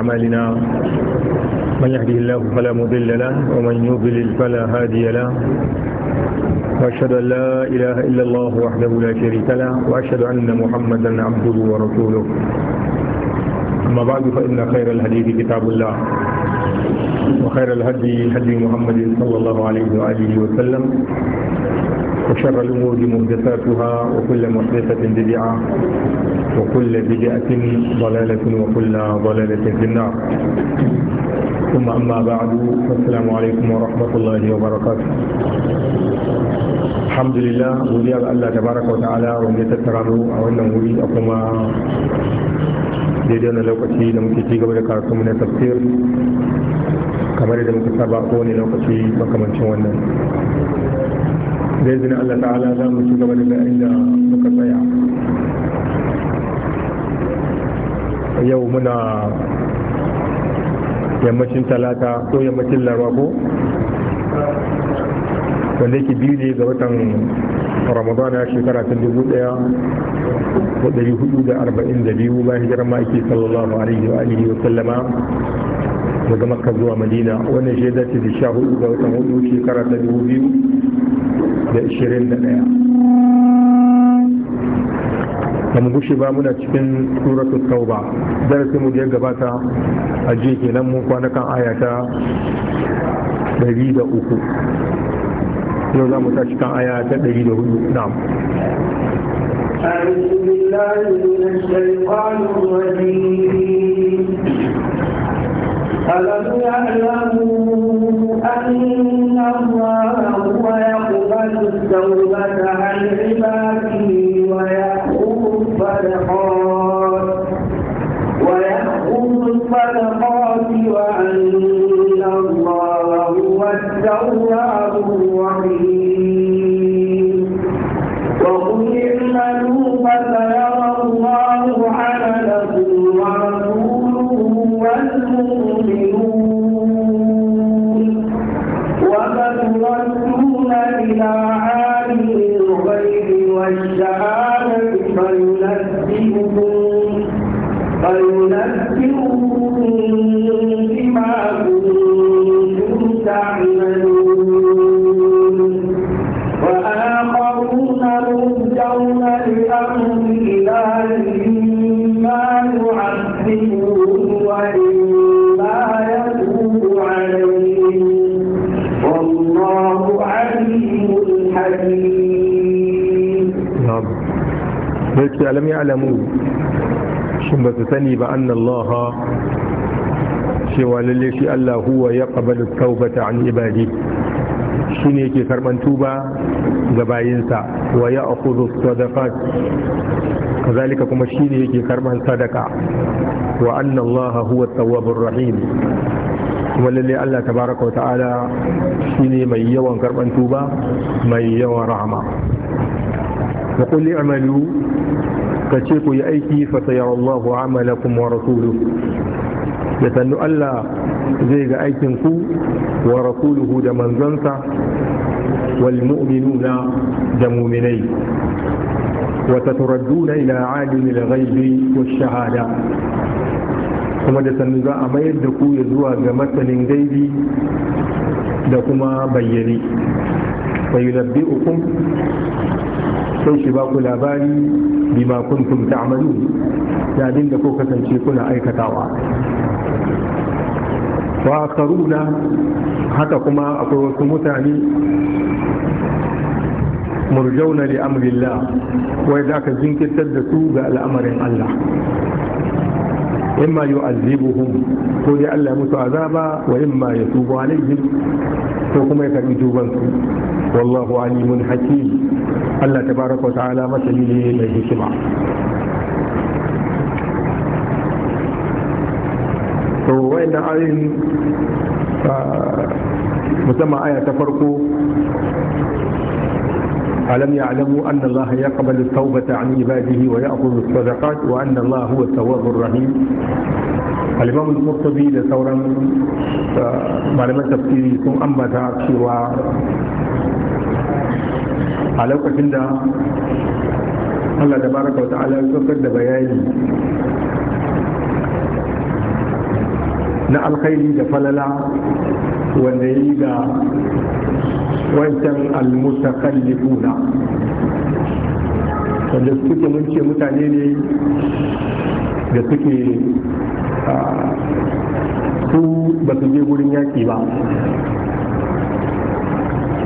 أعمالنا من يهدي الله فلا مضل له ومن يضلل فلا هادي له وأشهد أن لا إله إلا الله وحده لا شريك له وأشهد أن محمدا عبده ورسوله أما بعد فإن خير الحديث كتاب الله وخير الهدي هدي محمد صلى الله عليه وآله وسلم وشر الأمور محدثاتها وكل محدثة بدعة وكل بدعة ضلالة وكل ضلالة في النار ثم أما بعد فالسلام عليكم ورحمة الله وبركاته الحمد لله وديع الله تبارك وتعالى ومن يتترانه أو أنه أقوم daidai wani lokaci da muke ci gaba da karatunmu na tafsir kamar da muka saba ko ne lokaci makamancin wannan zai zina allah ta'ala za mu ci gaba daga inda muka tsaya yau muna yammacin talata ko yammacin larwa ko wanda yake biyu ne ga watan ramadana shekara ta dubu daya da dari hudu da arba'in da biyu bayan hijirar ake sallallahu alaihi wa alihi wa sallama daga makka zuwa madina wannan shaida ce da sha hudu ga watan hudu shekara ta dubu biyu da ishirin da daya ba mu gushe ba muna cikin suratul tauba darasin mu da ya gabata a jiya kenan mun kwana kan aya ta 103 yau za mu ta cikin aya ta أعوذ بالله من الشيطان الرجيم ألم يعلموا أن الله هو يقبل التوبة عن عباده ce alam ya alamu shin ba su sani ba anna Allah cewa lalle shi Allah huwa ya qabalu taubata an ibadi shi ne yake karban tuba ga bayinsa wa ya akhudhu sadaqat kazalika kuma shi ne yake karban sadaka wa anna Allah huwa tawwabur rahim kuma lalle Allah tabaraka wa ta'ala shi ne mai yawan karban tuba mai yawan rahama wa qul kace ku yi aiki fa sayarallahu amalakum wa rasuluhu ya sannu Allah zai ga aikin ku wa rasuluhu da manzansa wal mu'minuna da mu'minai wa taturadduna ila alimi al-ghaibi wash-shahada kuma da sannu za a mayar da ku zuwa ga masanin gaibi da kuma bayyane fayunabbi'ukum sai shi ba ku labari bima kuntum ta'malu da din da ko kasance kuna aikatawa wa na haka kuma akwai wasu mutane murjauna li amrillah wai da ka jinkirtar da su ga al'amarin Allah imma yu'azzibuhum ko ya Allah musu azaba wa imma yatubu alaihim ko kuma ya karbi tubansu wallahu alimun hakim Allah tabaraka wa ta'ala masani ne mai hikima to wayannan ayoyin ah, musamman aya ta farko ألم يعلموا أن الله يقبل التوبة عن عباده ويأخذ الصدقات وأن الله هو التواب الرحيم al-imam da sauran uh, malaman tafsiri sun ambata cewa a lokacin da Allah da baraka wa ta'ala ya da bayani na alkhairi da falala wanda ya yi ga wancan al-mutakallifuna wanda suke mun ce mutane ne da suke su ba su je wurin yaƙi ba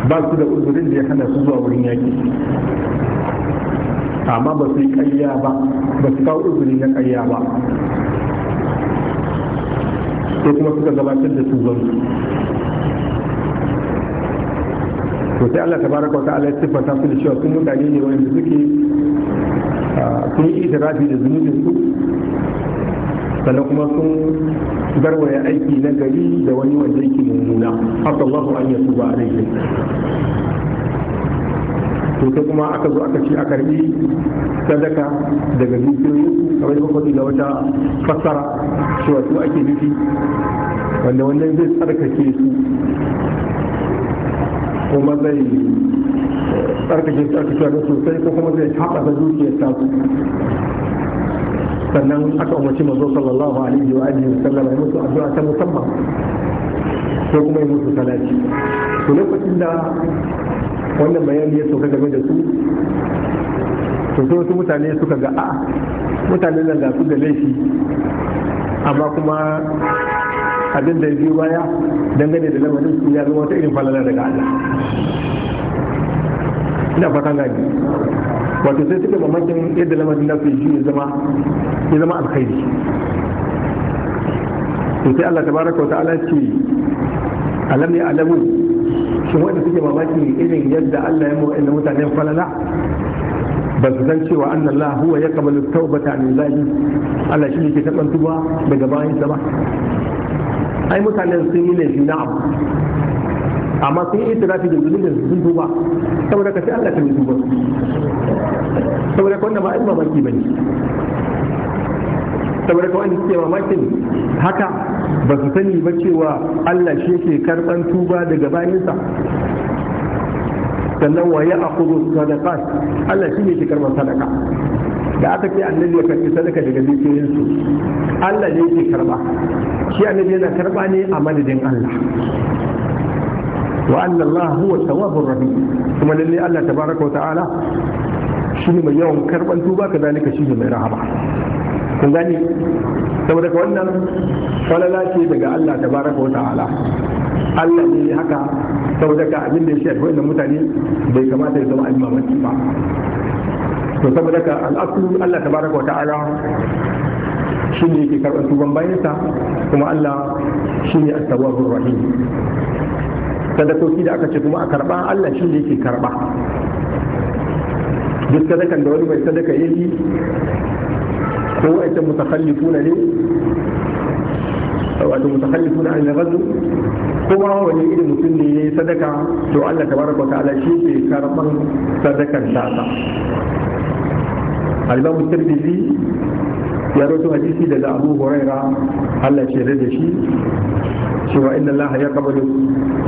ba su da uzurin da ya hana su zuwa wurin yaƙi amma ba su yi ƙayya ba ba su kawo uzuri na ƙayya ba ko kuma suka gabatar da su to sai Allah tabaraka wa ta'ala ya siffanta su da cewa sun mutane ne wanda suke sun yi itirafi da zunubin su sannan kuma sun garwaya aiki na gari da wani wanda yake mummuna haka Allah an ba a alaihim to sai kuma aka zo aka ci a karbi sadaka daga dukiyoyi kamar da kwakwati da wata fassara cewa su ake nufi wanda wannan zai tsarkake su kuma zai tsarkake tsarkake da sosai ko kuma zai da dukiyar tasu sannan aka umarci mazo sallallahu alaihi wa alihi wasallam ya musu addu'a ta musamman ko kuma ya musu salati to lokacin da wannan bayani ya sauka game da su to sai wasu mutane suka ga a mutanen nan ga su da laifi amma kuma abin da ya biyo baya dangane da lamarin su ya zama wata irin falala daga Allah ina fatan gani wato sai suka mamakin yadda lamarin na fi ya zama ya zama alkhairi to sai Allah tabaraka wa ta'ala ce alam ya alamu shi wanda suke mamaki irin yadda Allah ya mawa inda mutanen falala ba su san cewa an Allah huwa ya kamalu taubata min zahi Allah shi ne ke taɓa tuba daga bayan sa ba ai mutanen sun yi laifi na'am. amma sun yi itirafi da da sun tuba saboda ka ce Allah ta mutu ba saboda ka wanda ba ai mamaki ne. saboda ka wanda suke mamakin haka ba su sani ba cewa Allah shi yake karban tuba daga bayansa sannan wa ya akhudhu sadaka Allah shi ne ke karban sadaka da aka ce annabi ya karbi sadaka daga dukiyoyin Allah ne yake karba shi annabi yana karba ne a madadin Allah wa anna Allah huwa tawwabur rahim kuma lalle Allah tabaraka wa ta'ala shine mai yawan karban tuba kadalika shine mai rahama kun gani saboda ka wannan falala ce daga Allah tabaraka wa ta'ala Allah ne haka saboda ka abin da ya shafi wannan mutane bai kamata ya zama almamaki ba to saboda ka al'aslu Allah tabaraka wa ta'ala shi ne yake karɓar bayansa kuma Allah shi ne rahim sadakoki da aka ce kuma a karba Allah shi ne yake karba duk sadakan da wani mai sadaka yake ko a ce mutakallifuna ne wato mutakallifuna an gazu kuma wani irin mutum ne ya yi sadaka to Allah tabaraka ta'ala shi ke karban sadakan tasa al-Imam Tirmidhi ya rawaito hadisi daga Abu Huraira Allah ya yarda da shi cewa inna Allah ya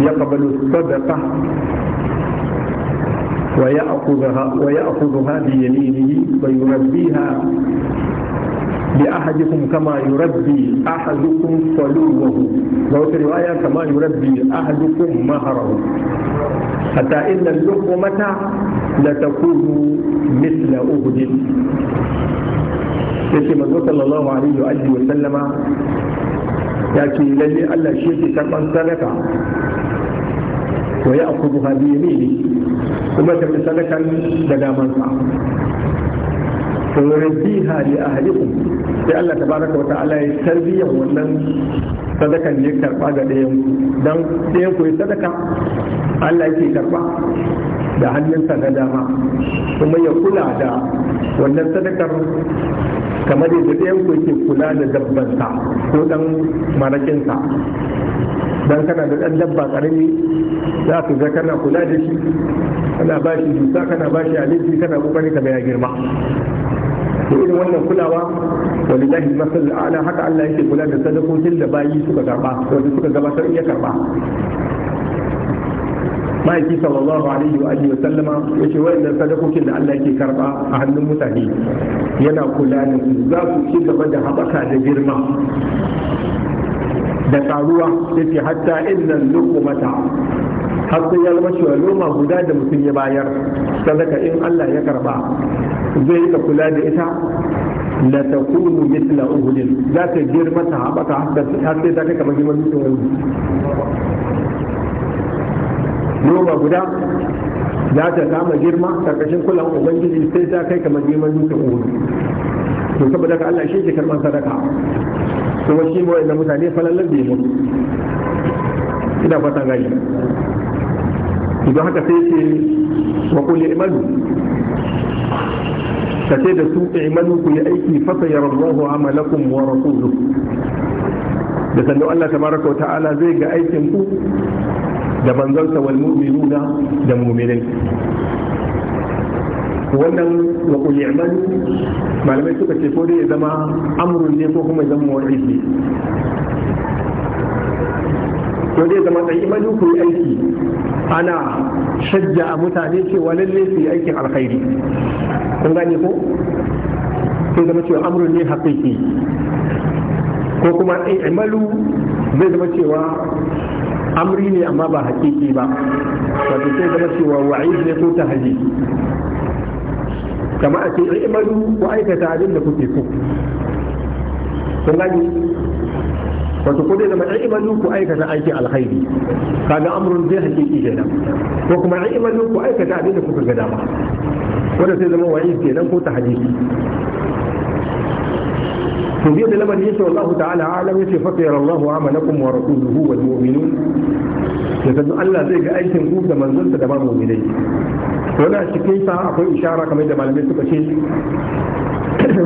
yaqbalu sadaqa wa ya'khudha wa ya'khudha bi yaminihi wa yurabbiha لأحدكم كما يربي أحدكم صلوه وفي رواية كما يربي أحدكم مهره حتى إن اللقمة لتكون مثل أهد yace manzo sallallahu alaihi wa alihi wa sallama ya ce lalle Allah shi ke karban sadaka wa ya'khudhu bi yamini kuma ta sadakan da damansa to rabbiha li ahlikum sai Allah tabaraka wa ta'ala ya tarbiyyar wannan sadakan ne karba ga ɗayan dan ɗayan ku sadaka Allah yake karba da hannunsa na dama kuma ya kula da wannan sadakar kamar yadda ɗayan ku yake kula da dabbansa ko ɗan marakinsa dan kana da ɗan dabba ƙarami za ka ga kana kula da shi kana ba shi dusa kana ba shi alifi kana kokari ka ya girma to irin wannan kulawa walillahi masal ala haka Allah yake kula da sadakokin da bayi suka karba wanda suka gabatar iya karba ma'aiki sallallahu alaihi wa alihi wa sallama yace wayannan sadakokin da Allah ke karba a hannun mutane yana kula da su za su ci gaba da haɓaka da girma da Ya ce, hatta innan luqmata har sai ya zama cewa noma guda da mutum ya bayar sadaka in Allah ya karba zai rika kula da ita la takunu mithla uhudin za ta girma ta haɓaka har sai ta kai kamar girman mutum roba guda za ta kama girma karkashin kulan ubangiji sai ta kai kamar girman dutsen uhudu to saboda ka Allah shi ke karban sadaka kuma shi mai da mutane falalar da mu ina fata gani idan haka sai ce wa kulli imanu ka ce da su imanu ku yi aiki fasa ya rabuwa amalakum wa rasuluhu da sannan Allah tabaraka wa ta'ala zai ga aikin ku da manzonsa wal mu'minuna da mu'minin wannan wa qul i'malu malamai suka ce ko dai zama amrun ne ko kuma zama wa'izi ko dai zama da imani ku aiki ana shajja a mutane cewa lalle su yi aikin alkhairi kun gane ko sai zama cewa amrun ne haqiqi ko kuma i'malu zai zama cewa amri ne amma ba hakiki ba wato sai zama cewa wa'id ne ko tahdi kama a ce i'malu wa aikata abin da kuke so kun gani wato ko dai zama i'malu ku aikata aikin alkhairi kaga amrun zai hakiki kenan ko kuma i'malu ku aikata abin da kuka ga dama wanda sai zama wa'id kenan ko ta tahdi to biyo da lamarin yake wallahu ta'ala alam yace fa sayara Allahu amalakum wa rasuluhu wal mu'minun ya san Allah zai ga aikin ku da manzonsa da ba mu'minai to na cikin sa akwai ishara kamar da malamai suka ce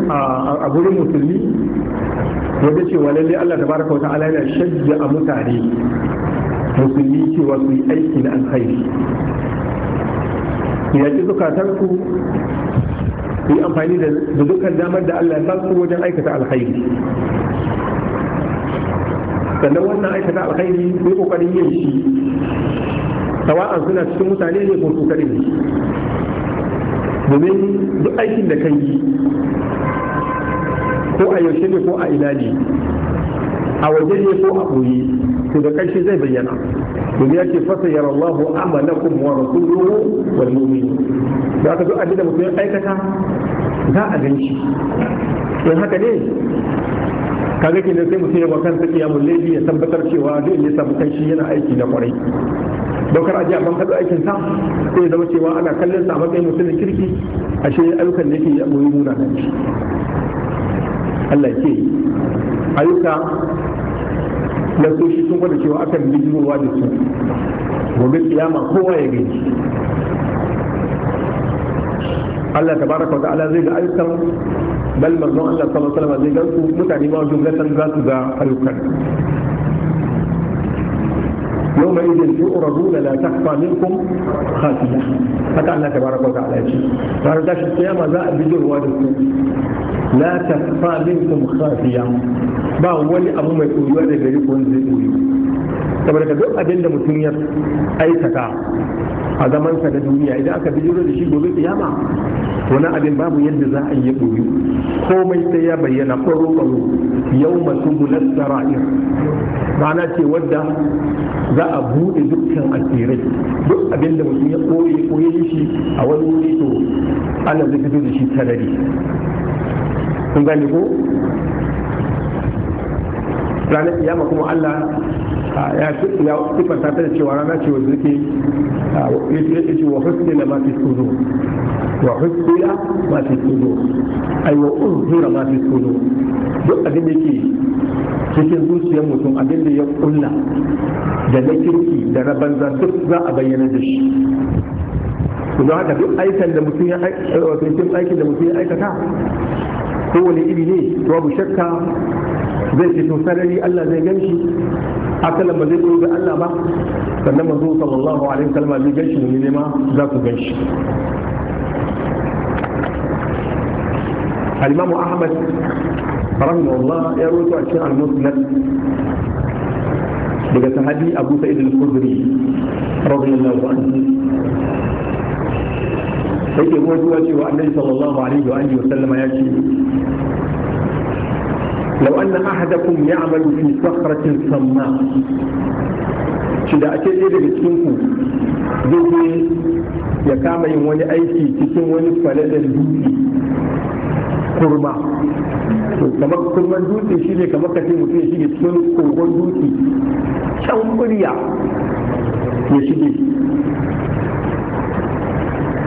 a gurin musulmi wanda ce wa lalle Allah tabaraka wa ta'ala yana shajja a mutane musulmi cewa su yi aiki na alkhairi ya ki zukatanku su yi amfani da dukkan damar da Allah ya su wajen aikata alkhairi sannan wannan aikata alkhairi ko kokarin yin shi sawa'an suna cikin mutane ne ko kokarin ne domin duk aikin da ka yi ko a yaushe ne ko a ina ne a waje ne ko a koyi, to da ƙarshe zai bayyana domin yake fasa yara Allahu amalakum wa rasuluhu wal mu'minin da ka zo a da mutum ya aikata za a gan shi don haka ne kaga ke sai mutum ya bakan sa kiyamun laifi ya tabbatar cewa zai ya samu kai shi yana aiki da kwarai daukar aji a bankaɗo aikin sa sai zama cewa ana kallon sa a matsayin mutumin kirki ashe ayyukan da yake ya goyi muna nan shi Allah ke ayyuka na shi sun gwada cewa akan bijirowa da su gobe kiyama kowa ya gani Allah ta baraka ta'ala zai ga ayyukan bal marno Allah sallallahu alaihi wasallam zai ga su mutane ma jumlatan za su ga ayyukan yawma idin tu'raduna la taqfa minkum khafiya haka Allah ta baraka ta'ala yace har da shi kiyama za a bijir wa da su la taqfa minkum ba wani abu mai tsoriwa da gari ko wani zai tsoriwa saboda ka duk abinda mutum ya aikata a sa da duniya idan aka bi bijiro da shi gobe kiyama wani abin babu yadda za a yi ɗoyi komai sai ya bayyana ƙwaro ƙwaro yau masu bulat ra'ir rana ce wadda za a buɗe dukkan asirai duk abin da mutum ya ɓoye ɓoye shi a wani wuri to ana zai fito da shi talari kun gane ko ranar kiyama kuma Allah ah, ya sifanta ta da cewa rana ce wanda ah, yake ya ce wa husnila ma fi tsoro wa husnila ma fi tsoro ai wa unzura ma fi sudo duk abin da ke cikin zuciyar mutum abin da ya kulla da na kirki da na banza duk za a bayyana da shi don haka duk aikin da mutum ya aikata aikin da mutum ya aikata kowane iri ne babu shakka zai ce to sarari Allah zai gan a akala ba zai koyi ga Allah ba sannan manzo sallallahu alaihi wasallam zai gan shi ne ma za ku gan al-Imam Ahmad rahimahullah ya rawaito a cikin al-Musnad daga sahabi Abu Sa'id al-Khudri radiyallahu anhu sai ke kuma cewa annabi sallallahu alaihi wa alihi wa ya ce لو أن أحدكم يعمل في صخرة صماء shi da ake ɗaya daga cikinku zai ya kama yin wani aiki cikin wani faladar dutse kurma kurman dutse shi ne kamar kace mutum ya shige cikin kogon can kurya ya shige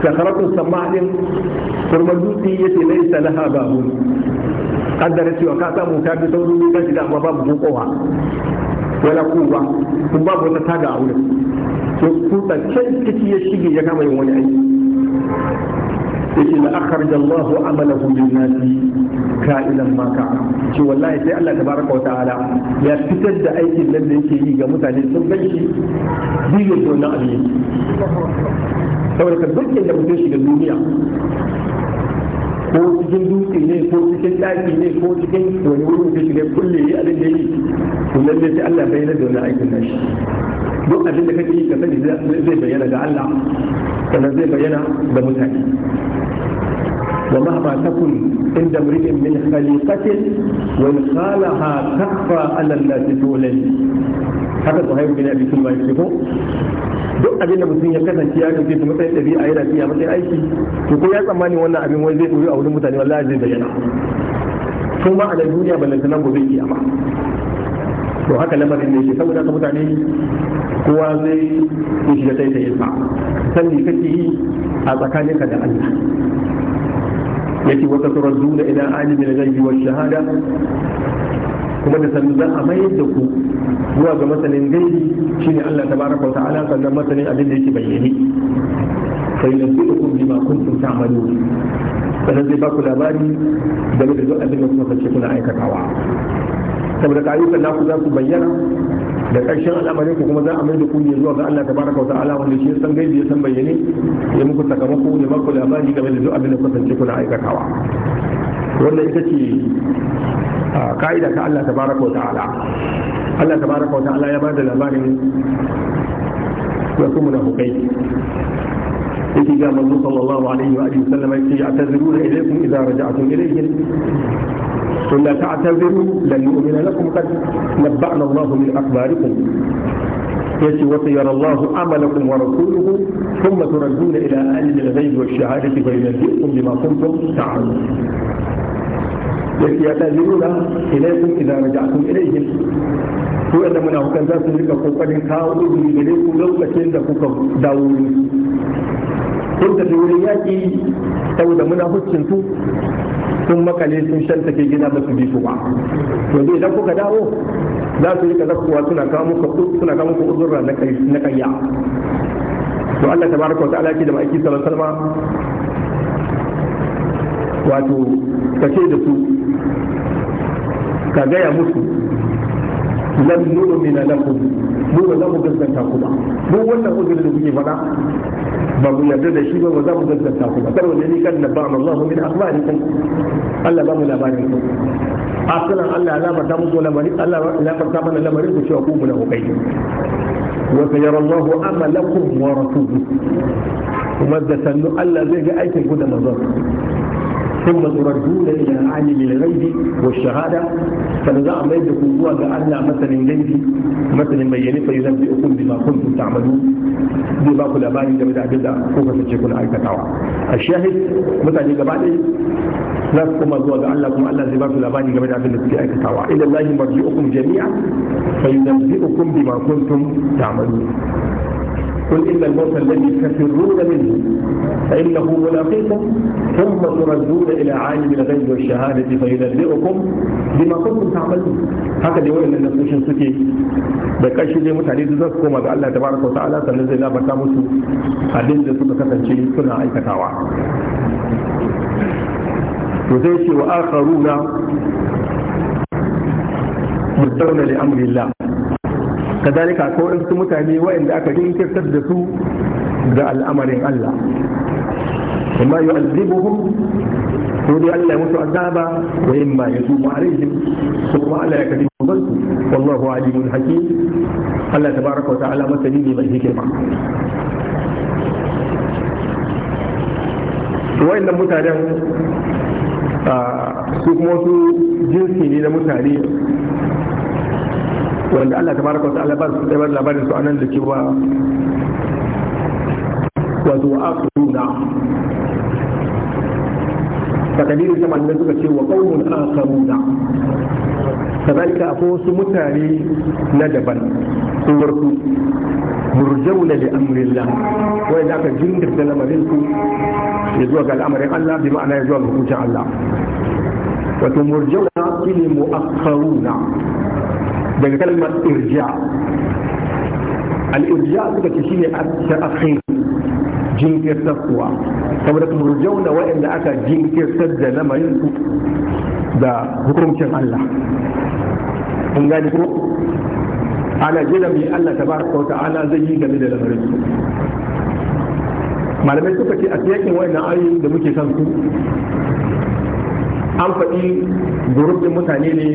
sakaratun kurman ya ce kaddara cewa ka samu ka bi ne kan shiga amma babu kokowa wala kuwa kun babu wata taga a wurin to kuta can kici ya shige ya kama yin wani aiki yake la akharja Allahu amalahu lin nasi ka'ilan ma ka ce wallahi sai Allah tabaraka wa ta'ala ya fitar da aikin nan da yake yi ga mutane sun gan shi biyu da wannan abin saboda ka duk da mutum shiga duniya ko cikin dutse ko cikin ɗaki ne ko cikin wani wurin da shiga kulle yi abin da yi to lalle sai Allah bayyana da wannan aikin nashi duk abin da kake yi ka sani zai bayyana ga Allah sannan zai bayyana ga mutane ومهما تكن عند امرئ من خليقة وإن خالها تخفى على الناس تولد haka su haihu gina bikin ba shi ko duk abin da mutum ya kasance ya kace su matsayin ɗabi'a yana fiya matsayin aiki to ko ya tsammani wannan abin wani zai koyi a wurin mutane wallahi zai bayyana kuma a da duniya ballanta nan gobe kiyama to haka lamarin ne shi saboda ka mutane kowa zai yi shiga sai yi sa sannan kake yi a ka da Allah yake wata idan ila alimi na ghaibi wa shahada kuma da sannu za a mayar da ku zuwa ga masanin shi shine Allah tabaraka wa ta'ala sannan masanin abin da yake bayyane sai na su hukum kun kuntum ta'malu sannan zai ba ku labari game da duk abin da kuma kace kuna aikatawa saboda ka ayyukan naku za su bayyana da ƙarshen al'amarin ku kuma za a mai da ku zuwa ga Allah tabaraka wa ta'ala wanda shi ya san gaibi ya san bayyane ya muku sakamako ne maku labari game da duk abin da kasance kuna aikatawa wannan ita ce ka'ida ta Allah tabaraka wa ta'ala Allah tabaraka wa ta'ala ya ba da labarin na munafukai اتجاه النبي صلى الله عليه واله وسلم يعتذرون اليكم اذا رجعتم اليهم قلنا تعتذروا لن يؤمن لكم قد نبأنا الله من اخباركم يأتي وطير الله عملكم ورسوله ثم تردون الى أهل الغيب والشهاده فينبئكم بما كنتم تعملون يأتي يعتذرون اليكم اذا رجعتم اليهم وأن من أوكان ذات ملك فوق أن إليكم لو كتين دفوك داوين sun tafi wurin yaƙi saboda munafucin su sun makale sun shanta ke gida masu su bi su ba yanzu idan kuka dawo za su yi ka suna kawo muku suna kawo muku uzurra na kayya to Allah tabaraka wa ta'ala ke da ma'aiki sallallahu alaihi wasallam wato kace da su ka gaya musu lan mina lakum mu ba za mu gaskanta ku ba mu wannan uzurin da kuke faɗa ba mu yarda da shi ba ba za mu gaskanta ku ba karo ne ni kan nabba Allahu min kai. Allah ba mu labarin ku asalan Allah ya labarta muku lamarin Allah ya labarta mana lamarin ku cewa ku mu na hukai wa sayara Allahu amalakum wa rasuluhu kuma da sannu Allah zai ga aikin ku da manzon ثم تردون الى عالم الغيب na فنزع ما يدكم هو بان مثل غيبي da بيني فينبئكم بما كنتم تعملون بما كل بالي da da da ko ka sace kun aikatawa a shahid mutane gaba ɗaya za su koma zuwa ga Allah kuma Allah zai ba su labari game da abin da kuke aikatawa ila Allah marji'ukum jami'a fa yunabbi'ukum bima ta ta'malun قل إن الموت الذي تفرون منه فإنه ملاقيكم ثم تردون إلى عالم الغيب والشهادة فينبئكم بما كنتم تعملون هكذا يقول لنا أن النفوش سكي بكاش دي متعدي تذكركم أبي الله تبارك وتعالى سنزل الله بكاموس أدين دي سبكة تنشي سنة أي كتاوى وآخرون مدرنا لأمر الله kazalika ko in su mutane waɗanda aka jinkirtar da su ga al'amarin Allah amma yu'azibuhum ko dai Allah ya musu azaba wa yin ma yatubu alaihim ko kuma Allah ya kadi mubansu wallahu alimun hakim Allah tabaraka wa ta'ala masani ne mai hikima wa'annan mutanen ah, su kuma su jinsi ne na mutane wanda Allah ta baraka wata alabar su bar labarin su anan da cewa wato akhiruna takadirin sama da suka ce wa qaumun akharuna kazalika akwai wasu mutane na daban sun warku murjauna li amrillah wai da ka jindirta lamarin su ya zuwa ga al'amarin Allah bi ma'ana ya zuwa ga hukuncin Allah wato murjauna shine mu'akharuna daga kalmar irja al-irja suka ce shine a takhir jinkir kuwa saboda kuma jauna waɗanda aka jinkirtar da lamarin su da hukuncin Allah kun gani ko ana jira mai Allah ta bar wa ta'ala zai yi game da lamarin su malamai suka ce a cikin wayannan ayoyin da muke san su an faɗi gurbin mutane ne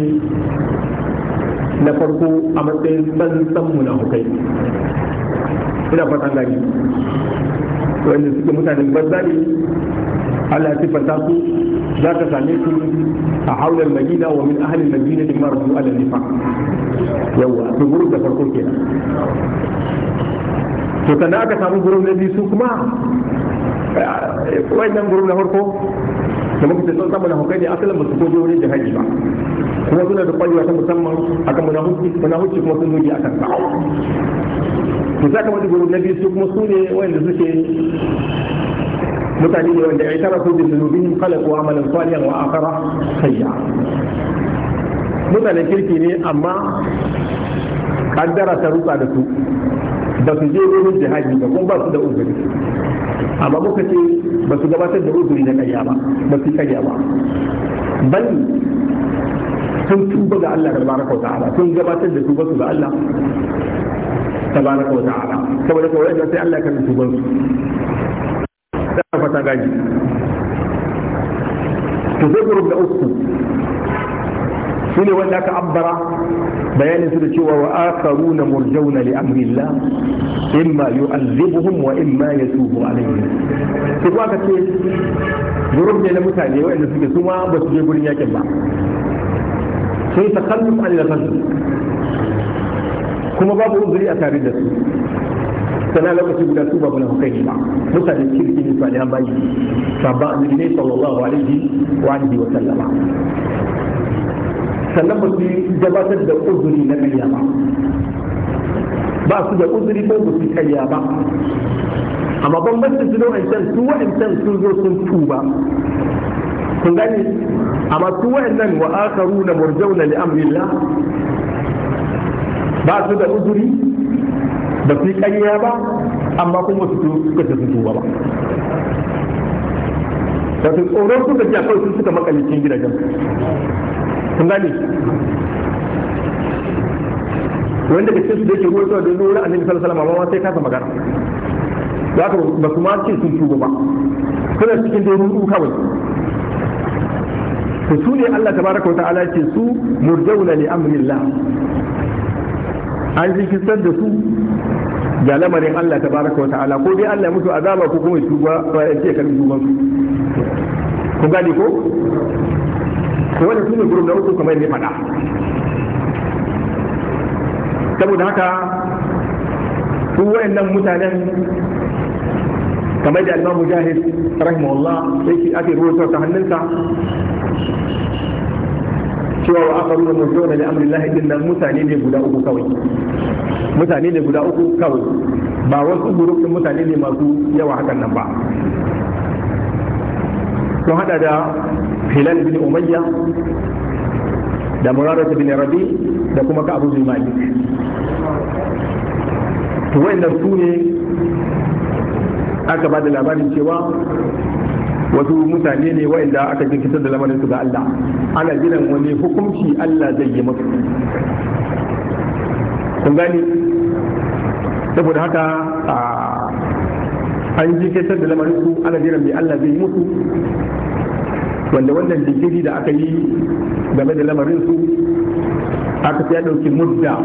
na farko a matsayin tsantsan munafukai ina fatan gani wanda suke mutanen banza ne Allah ya sifanta su za ka same su a haular madina wa min ahalin madina din marasu ala nifa yawa su gurin da farko kenan to sannan aka samu gurin na biyu su kuma eh, wannan gurin na farko da muka ce sun da hukai ne asalin ba su ko wurin jihadi ba kuma suna da kwarewa ta musamman a kan munafuki munafuki kuma sun zoge akan sa ku sa wani gurin na biyu su kuma su ne wanda suke mutane ne wanda ya tara su da kala khalaqu amalan salihan wa akhara sayya mutanen kirki ne amma kaddara ta rutsa da su ba su je wurin jihadi ba kuma ba su da uzuri amma muka ce ba su gabatar da uzuri na karya ba ba su karya ba bal sun tuba ga Allah tabaraka wa ta'ala sun gabatar da tuba su ga Allah tabaraka wa ta'ala saboda ko wanda sai Allah ya tuba su da fata gaji to zai gurub da uku su ne wanda aka ambara bayanin su da cewa wa akaruna murjauna li amrillah imma yu'azzibuhum wa imma yatubu alaihim su ko aka ce gurub ne na mutane wanda suke su ba su je gurin yakin ba sai ta takallum an lafazin kuma babu uzuri a tare da su sana lokaci guda su babu na hukai ba mutane kirki ne su ne an bayi sabba annabi ne sallallahu alaihi wa alihi wa sallama sannan ba su gabatar da uzuri na ƙarya ba ba su da uzuri ko ba su ƙarya ba amma ban su da wa'ancan su wa'ancan sun zo sun tuba kun gani amma su wa'annan wa akaru na murjauna li amrillah ba su da uzuri ba su ƙarya ba amma kuma su suka tafi tuba ba wato tsoron suka ji akwai sun suka makalikin gidajen kun gane wanda da cikin su da yake ruwa da nuna annabi sallallahu alaihi wasallam sai kasa magana da aka ba su ma ce sun tuba ba suna cikin da rudu kawai to su ne Allah tabaraka wa ta'ala ce su murjauna li amrillah an jikistar da su ga lamarin Allah tabaraka wa ta'ala ko dai Allah mutu azaba ko kuma tuba ya ce kan tuban su kun gane ko to wannan shine gurin da uku kamar yadda faɗa saboda haka su wayannan mutanen kamar da al-Imam Mujahid sai ki ake ruwa ta hannunsa cewa wa aka ruwa mai zuwa da amurin lahi din nan mutane ne guda uku kawai mutane ne guda uku kawai ba wasu gurufin mutane ne masu yawa hakan nan ba sun hada da hilal bin umayya da murarat bin rabi da kuma ka abu malik to wayannan su ne aka ba da labarin cewa wasu mutane ne wa'inda aka jirkitar da lamarin su ga Allah ana jiran wani hukunci Allah zai yi musu kun gani saboda haka an jirkitar da lamarin su ana jiran mai Allah zai yi musu wanda wannan digiri da aka yi game da lamarin su aka ya ɗauki mudda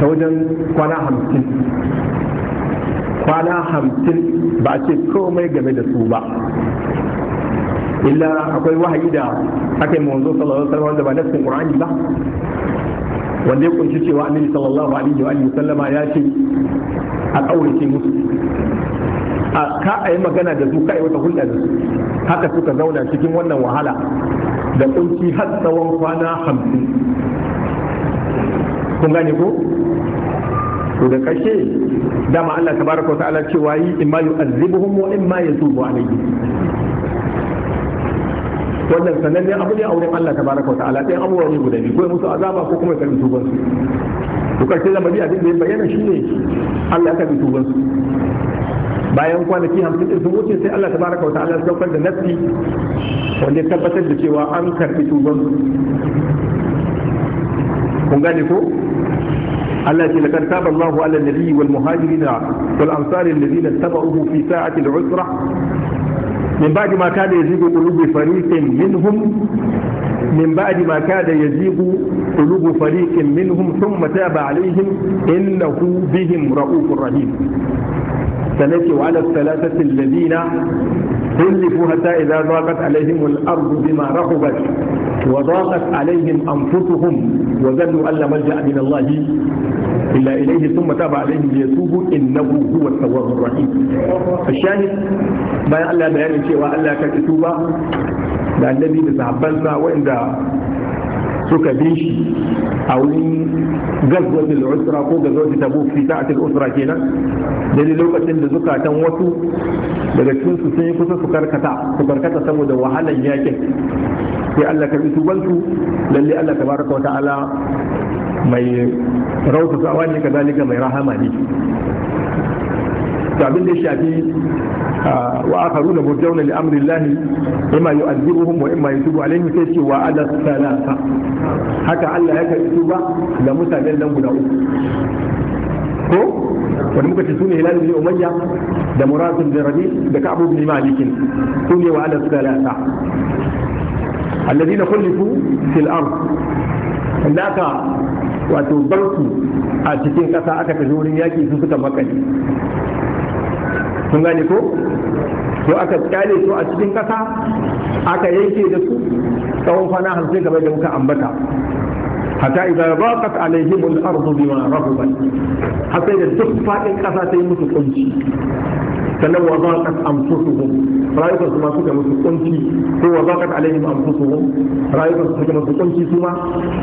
ta wajen kwana hamsin kwana hamsin ba a ce komai game da su ba illa akwai wahayi da aka yi mawanzo sallallahu alaihi wanda da ba nafsin qur'ani ba wanda ya kunshi cewa annabi sallallahu alaihi wa sallama ya ce a kaurace musu a ka a yi magana da su ka yi wata hulɗa da su haka suka zauna cikin wannan wahala da kunci har tsawon kwana hamsin kun gane ko to da kashe dama Allah Ta baraka wa ta'ala cewa yi imma yu'azzibuhum wa imma yatubu alayhi wannan sananne abu ne a wurin Allah Ta baraka wa ta'ala ɗayan abubuwa ne guda biyu ko musu azaba ko kuma ya karbi tuban su to karshe zamani abin da ya bayyana ne Allah ya karbi tuban su bayan kwanaki hamsin din sun wuce sai Allah tabaraka wa ta'ala ya saukar da nafsi wanda ya tabbatar da cewa an karbi tuban kun gane ko Allah ce lakar taba Allahu ala nabiyyi wal muhajirin wal ansari alladhina tabauhu fi sa'ati al-usra min ba'di ma kana yazigu qulubi fariqin minhum من بعد ما كاد يزيغ قلوب فريق منهم ثم تاب عليهم إنه بهم رؤوف رحيم سنتي على الثلاثة الذين خلفوا حتى إذا ضاقت عليهم الأرض بما رحبت وضاقت عليهم أنفسهم وظنوا أن لا ملجأ من الله إلا إليه ثم تاب عليهم ليتوبوا إنه هو التواب الرحيم الشاهد ما الله بيان cewa Allah لأن tuba da annabi da وإن waɗanda suka bi shi a wurin gazwatul usra ko gazwatul tabu fi sa'atul usra kenan dai lokacin da zukatan wasu daga cikin su sai kusa su karkata su karkata saboda wahalan yakin sai Allah ka bisu tubansu lalle Allah tabaraka wa ta'ala mai rautsawa ne kadalika mai rahama ne da abin da ya shafi wa akaru da murjauna li amri llahi imma yu'adhibuhum wa imma yutubu alaihim sai ce wa ala salasa haka Allah ya karbi tuba da mutanen nan guda uku ko wani muka ce su ne hilal bin umayya da murad da rabi da ka'ab bin malik su ne wa ala salasa alladhina khulifu fil ard wanda aka wato barku a cikin kasa aka tafi wurin yaki su suka makale kun gane ko to aka kyale su a cikin kasa aka yanke da su tsawon kwana hamsin gaba da muka ambata hatta idza baqat alaihim al-ardu bima rahabat hatta da duk fadin kasa ta yi musu kunci sannan wa baqat anfusuhum rayukan su ma suka musu kunci ko wa baqat alaihim anfusuhum rayukan su suka musu kunci su ma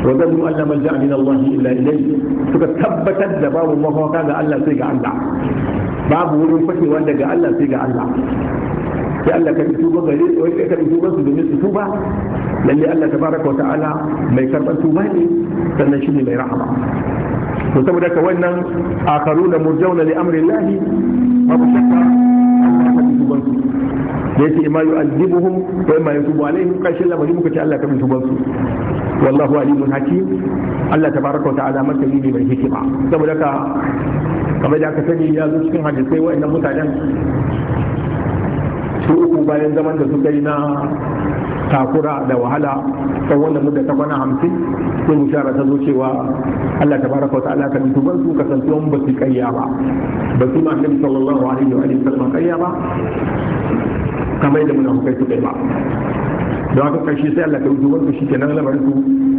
wa zallu alla ja'a min Allah illa ilayhi suka tabbatar da babu mafaka ga Allah sai ga Allah babu wurin fakewa daga Allah sai ga Allah sai Allah ka yi tuba gare su wai ka yi tuba su domin su tuba lalle Allah tabaraka wa ta'ala mai karban tuba ne sannan shi ne mai rahama to saboda ka wannan akaruna murjauna li amrillahi babu shakka da yake ma yu'azibuhum wa ma yatubu alaihim kashin labari muka ce Allah ka bin tuban su wallahu alimun hakim Allah tabaraka wa ta'ala masani ne mai hikima saboda ka kamar da aka sani ya zo cikin hadisai wa'annan mutanen su uku bayan zaman da suka yi na takura da wahala ta wanda muda ta kwana hamsin sai mu shara ta zo cewa Allah ta baraka wata ala kan ban su kasantuwan ba su kayya ba ba su ma annabi sallallahu alaihi wa sallam kayya ba kamar yadda muna hukai su kai ba don haka karshe sai Allah ta rubuta wanda shi kenan lamarin su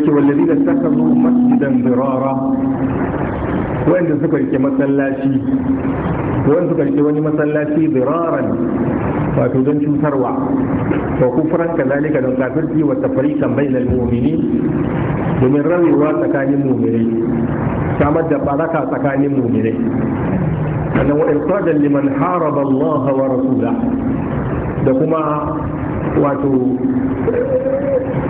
yake wallazi masjidan wanda suka rike masallaci wanda suka rike wani masallaci ziraran wato don cutarwa wa kufran kazalika don kafirci wa tafriqan bainal mu'minin domin rawewa tsakanin mu'minai samar da baraka tsakanin mu'minai sannan wa irsadan liman haraba Allah wa rasulahu da kuma wato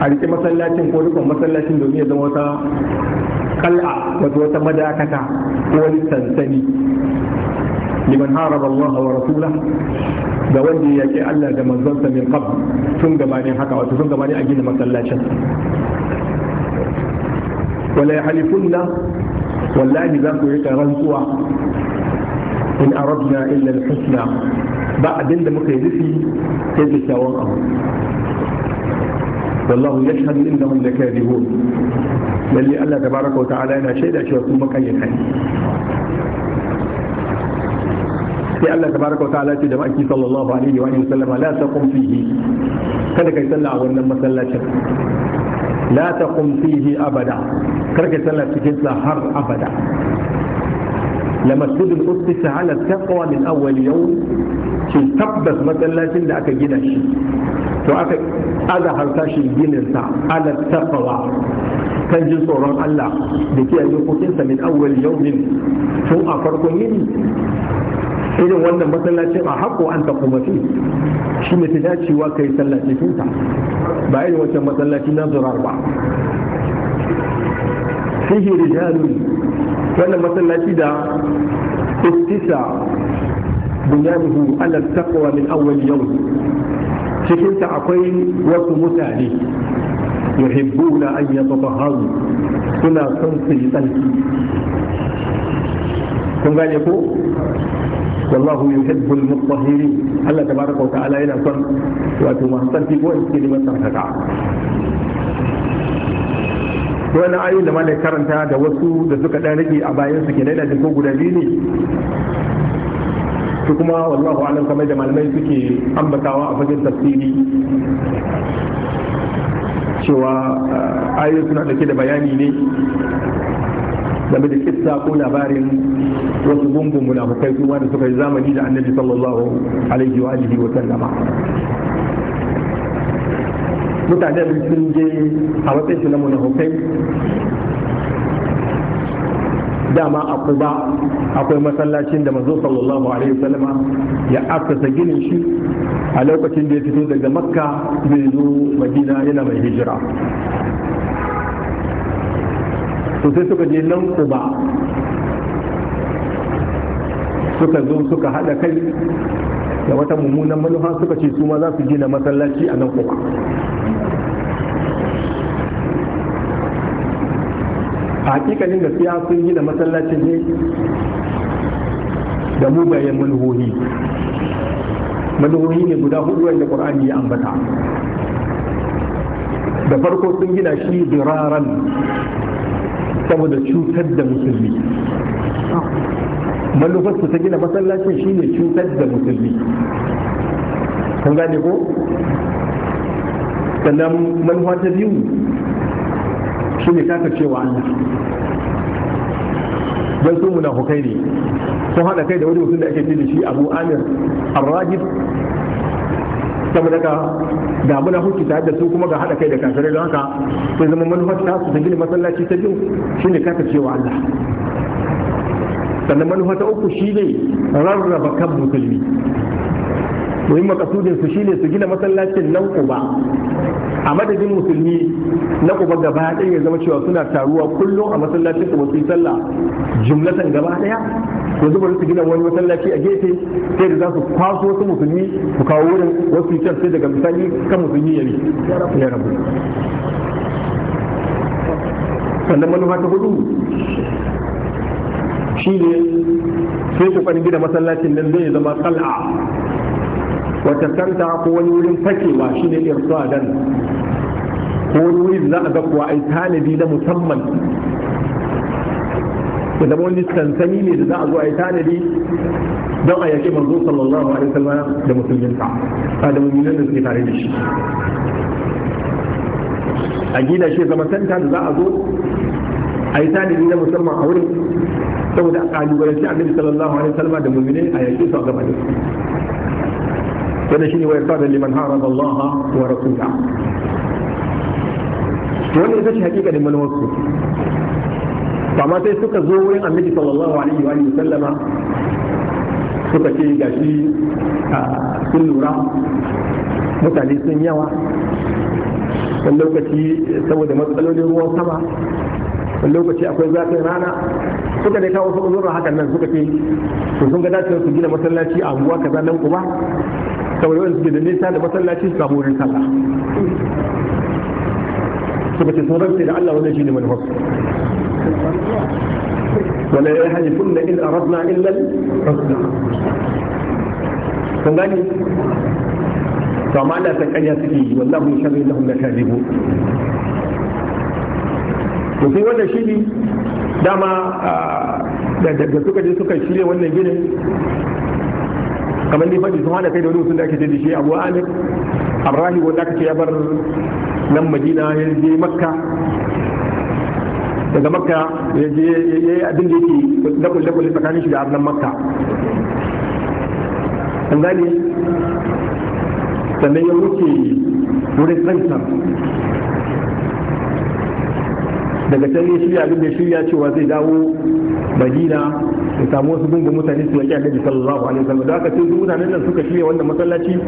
a riƙe masallacin ko rufin masallacin domin ya zama wata kal'a wato wata madakata ko wani sansani liman haraba Allah wa rasula ga wanda ya yake Allah da manzonsa min qabl tun gabanin haka wato tun gabanin a gina masallacin wala yahlifunna wallahi za ku yi rantsuwa in aradna illa al-husna ba abin da muka yi nufi sai inda da kai riho lalle Allah ta baraka wa ta'ala yana shaida cewa sun makayyata ne sai Allah ta baraka wa ta'ala ce da ma'aiki sallallahu alaihi wa sallama la taqum fihi kada kai sallah a wannan masallacin la taqum fihi abada kar sallah har abada لمسجد أسس على التقوى من أول يوم shi tabbas masallacin da aka gina shi to aka aza harsashin gininsa ala taqwa kan jin tsoron Allah da kiyaye dokokinsa min awwal yawmin tun a farkon yini irin wannan masallacin a haƙo an ta kuma fi shi ne ta dacewa kai sallah cikinsa ba irin wancan masallaci na zurar ba fihi rijalun wannan masallaci da istisa bunyanuhu ala taqwa min awwal yawm cikin ta akwai wasu mutane yuhibbuna an yatatahharu suna son su yi tsarki kun gane ko wallahu yuhibbul mutahhirin Allah tabaraka wa ta'ala yana son wato masu tsarki ko in cikin masarkaka da wani ayoyin da malai karanta da wasu da suka dan rage a bayan su kenan da ko guda biyu ne su kuma wallahu alam kamar da malamai suke ambatawa a fagen tafsiri cewa eh, ayoyin suna dauke da bayani ne game da kissa ko labarin wasu gungun munafukai kuma da suka yi zamani da annabi sallallahu alaihi wa alihi wa sallama da sun je a matsayin su na munafukai dama a kuba akwai masallacin da mazo sallallahu alaihi wasallama ya akasa ginin shi a lokacin da ya fito daga makka zai zo madina yana mai hijira sosai suka je nan kuba suka zo suka hada kai da wata mummunan manufa suka ce su ma za su gina masallaci a nan kuba a hakikalin gaskiya sun gina masallacin ne da mugayen manuhohi manuhohi ne guda hudu wanda qur'ani ya ambata da farko sun gina shi ziraran saboda cutar da musulmi manufarsu ta gina masallacin ne cutar da musulmi kun gane ko sannan manufa ta biyu shi ne kaka cewa Allah don su hukai ne sun haɗa kai da wani mutum da ake ce da shi abu amir arrajib saboda ka ga munafuki tare da su kuma ga haɗa kai da kafirai don haka sai zama manufar ta su ta gini masallaci ta biyu shi ne kaka cewa Allah sannan manufar ta uku shi ne rarraba kan musulmi domin makasudin su shine su gina masallacin nan uba a madadin musulmi na uba gaba ɗaya ya zama cewa suna taruwa kullum a masallacin ku su yi sallah jumlatan gaba ɗaya yanzu zuba su gina wani masallaci a gefe sai da za su kwaso wasu musulmi su kawo wurin wasu can sai daga misali kan musulmi ya ne ya rabu sannan manufa ta hudu shi ne sai kokarin gina masallacin nan zai zama kal'a wata santa ko wani wurin fakewa shine dan, ko wani wurin za a ga kuwa ai tanadi na musamman ku zama wani sansani ne da za a zo a yi tanadi don a yaƙi manzo sallallahu alaihi wasallam da musulminsa a da mummunan da suke tare da shi a gina shi zama santa da za a zo a yi tanadi na musamman a wurin saboda a kalubalanci annabi sallallahu alaihi wasallam da mummune a yaƙi su a gaba da su wanda shine wa yasada liman harama Allah wa rasula to wannan ita ce hakika ne manufar su amma sai suka zo wurin annabi sallallahu alaihi wa sallama suka ce gashi sun lura mutane sun yawa wani lokaci saboda matsalolin ruwan sama wani lokaci akwai zafin rana suka ne kawo su uzurra hakan nan suka ce to sun ga dacewa su gina masallaci a anguwa kaza nan kuma saboda wanda suke da nisa da masallaci su samu wurin sallah ba ce sauran sai da Allah wannan ne manufar wala ya hanyar kunna in aradna illa al-husna kun gani to amma Allah ta kanya suke yi wallahu sharri lahum lakadibu to sai wannan ne dama ah, da suka je suka shirya wannan ginin kamar ni faɗi sun haɗa kai da wani mutum da ake da shi abu amir abrahim wanda aka ce ya bar nan madina ya je makka daga makka ya je ya yi abin da yake dakul dakul tsakanin shi da abin makka an gane sannan ya wuce wurin sansan daga can ya shirya abin da shirya cewa zai dawo madina ya samu wasu gungun mutane su yaki annabi sallallahu alaihi wasallam da aka ce mutanen nan suka shirya wannan masallaci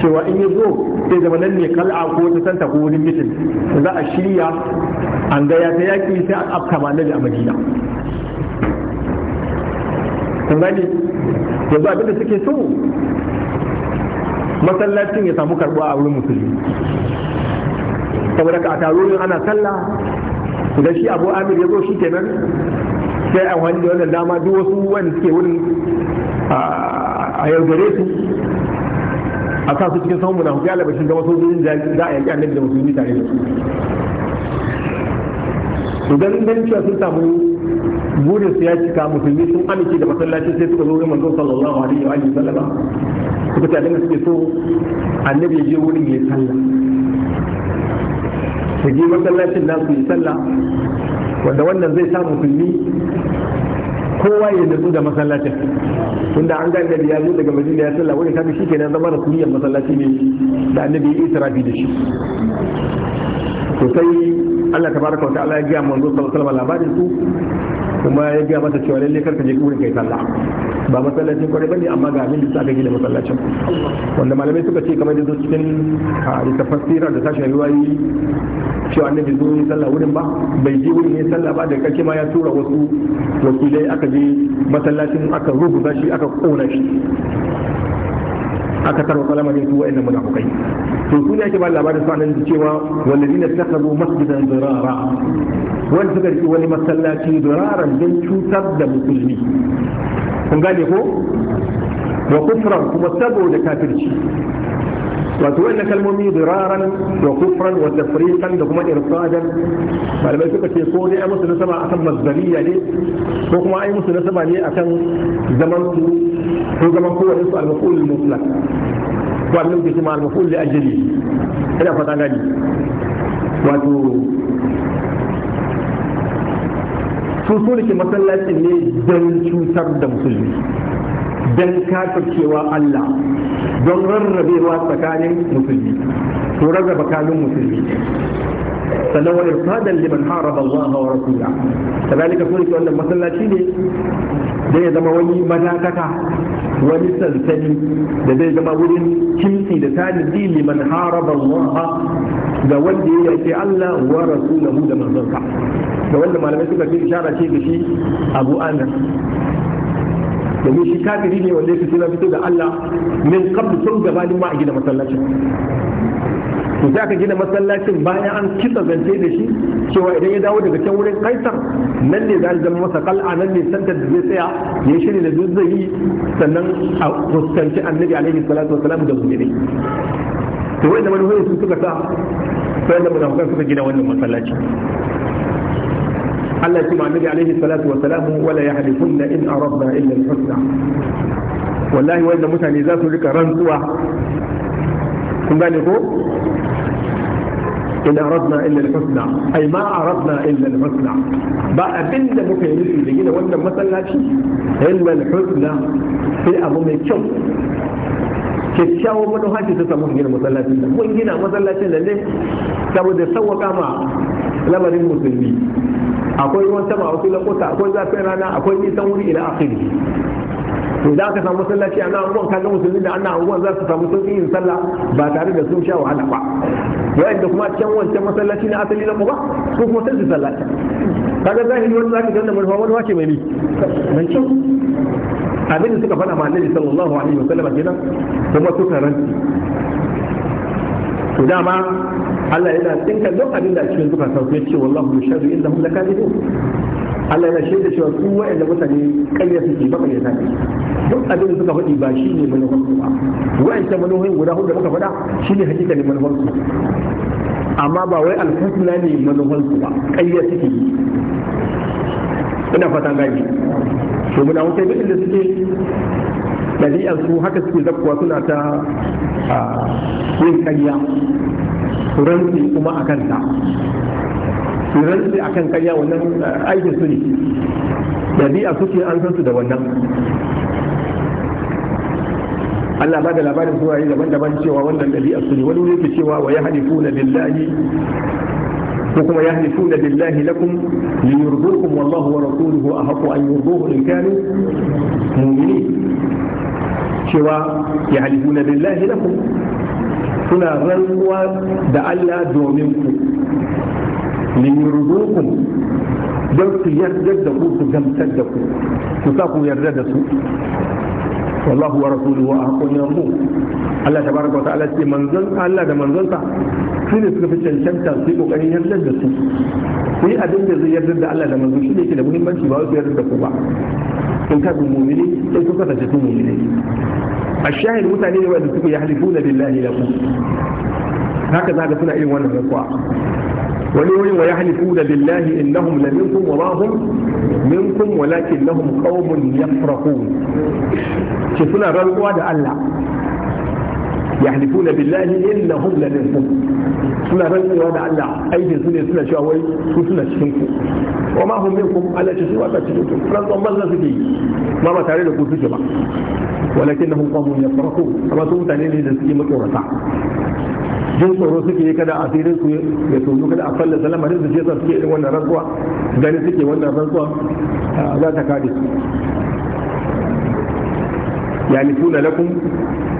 cewa in ya zo sai zama nan ne kal'a ko ta santa ko wani mitin za a shirya an gaya ta yaki sai a afka annabi a madina kun gane yanzu abin da suke so masallacin ya samu karbuwa a wurin musulmi saboda ka a tarorin ana sallah da shi abu amir ya zo shi kenan sai a wani da wannan dama duk wasu wani suke wurin a yaudare su a sa su cikin samun muna hukumi alabashin zama sojojin za a yanki annabi da musulmi tare da su idan dan cewa sun samu burin su ya cika musulmi sun amince da masallaci sai suka zo wurin manzon sallallahu alaihi wa sallama suka ce abin da suke so annabi ya je wurin ya sallah su je masallacin nan su yi sallah wanda wannan zai samu musulmi kowa ya nutsu da masallacin tunda an gane da ya zo daga madina ya sallah wani ke na zama da kuliyar masallaci ne da annabi ya da shi to sai Allah tabaraka wa ta'ala ya ga manzo sallallahu alaihi labarin su kuma ya gaya mata cewa lalle karka je kuma kai sallah ba masallacin kwarai bane amma ga abin da aka gina masallacin wanda malamai suka ce kamar da su cikin littafin da tashin ruwayi cewa annabi zo yi sallah wurin ba bai je wurin yi sallah ba da karshe ma ya tura wasu wasu wakilai aka je masallacin aka rubuta shi aka kona shi aka tarwa salama da su wa'annan munafukai to su ne ake ba labarin su anan da cewa wallazina takabu masjidan zirara wanda suka riki wani masallaci ziraran don cutar da musulmi kun gane ko wa kufran kuma saboda kafirci wato wannan kalmomi diraran da kufran wa tafriqan da kuma irsadan malamai suka ce ko dai ai musu nasaba akan mazdariya ne ko kuma ai musu nasaba ne akan zaman su ko zaman ko wani su al-maf'ul mutlaq ko annabi ke kuma al-maf'ul li ajli ina fata gani wato su su ne ke masallacin ne don cutar da musulmi don kafircewa Allah don rarrabewa tsakanin musulmi to rarraba kanin musulmi sannan wani irfadan liman haraba Allah wa rasula kadalika sun ce wannan masallaci ne zai zama wani madakata wani sansani da zai zama wurin kimsi da tanadi liman haraba Allah ga wanda ya yake Allah wa rasulahu da manzonsa ga wanda malamai suka ce ishara ce da shi Abu Anas domin shi kafiri ne wanda yake suna fito da Allah min qabl tun gabanin ma a gina masallacin to sai aka gina masallacin bayan an kitsa zance da shi cewa idan ya dawo daga can wurin kaisar nan ne za zama masa kal'a nan ne santa da zai tsaya ya shiri da duk zai yi sannan a fuskanci annabi alaihi salatu wasalam da mu'mini to wanda manhoyi sun suka sa sai da munafukan suka gina wannan masallaci Allah ya ce Muhammad alaihi salatu wa salamu wala yahlifunna in aradna illa al-husna wallahi wanda mutane za su rika rantsuwa kun gane ko in aradna illa al-husna ai ma aradna illa al-husna ba abinda muka yi nufi da gina wannan masallaci illa al-husna sai abu mai kyau kyakkyawan manuhaci ta samu gina masallacin da mun gina masallacin da ne saboda sauwaka ma lamarin musulmi akwai ruwan sama akwai lakota akwai zafin rana akwai nisan wuri ila akhiri to idan aka samu masallaci ana nan anguwan kaga musulmi da annan anguwan za su samu sauƙin yin sallah ba tare da sun sha wahala ba wa'anda kuma can wancan masallaci na asali na kuma ko kuma sai su sallata kaga zahiri wani zaka ga manufa wani wace mai ni mai kyau abin da suka faɗa ma annabi sallallahu alaihi wasallam kenan kuma suka ranti to dama Allah yana tsinka duk abin da cikin zuka sauke ce wallahu inda hum lakadibu Allah yana da cewa su wa'anda mutane ƙarya suke ba ƙarya ta duk abin da suka faɗi ba shi ne manufar su ba wa'anda manufofin guda hudu da muka faɗa shi ne hakika ne manufar su amma ba wai alfasna ne manufar su ba ƙarya suke yi ina fatan gani to muna wuce duk inda suke ɗabi'ar su haka suke zakkuwa suna ta yin karya su rantsi kuma a kanta su rantsi a kan karya wannan eh, aikin su ne ɗabi'a suke an san su da wannan Allah ba da labarin suwaye daban-daban cewa wannan ɗabi'a su ne wani yake cewa wa ya halifu na billahi وهو يهلكون بالله لكم ليرضوكم والله ورسوله احق ان يرضوه ان كانوا مؤمنين شوى يهلكون بالله لكم هنا كنا رنوا دعلا دومنكم ليرضوكم دوت يرجد دوت جمتد دوت تساقوا يرجد wallahu wa rasuluhu wa haqqun yanzu Allah tabaraka wa ta'ala ce manzon Allah da manzonsa su ne suka fi cancanta su yi kokarin yardar da su ku yi abin da zai yarda da Allah da manzon shi ne ke da muhimmanci ba su yarda da ku ba in ka bi mu'mini sai ku kasance ku mu'mini ashahid mutane ne wanda suke yahlifuna billahi lakum haka zaka suna irin wannan rantsuwa wani wurin wa yahlifuna billahi innahum la minkum wa ma hum minkum walakinnahum qaumun yafrahun ce suna rantsuwa da Allah yahlifuna billahi innahum laminkum suna rantsewa da Allah aikin su ne suna cewa wai su suna cikin ku wa ma hum minkum ala shi wa ta cikin ku rantsuwan banza suke yi ba ba tare da ku suke ba walakinnahum qawmun yafrahu amma su mutane ne da suke matsorata jin tsoro suke yi kada asirin su ya tsoro kada a fallasa lamarin su ce suke irin wannan rantsuwa gani suke wannan rantsuwa za ta kare su yani tuna lakum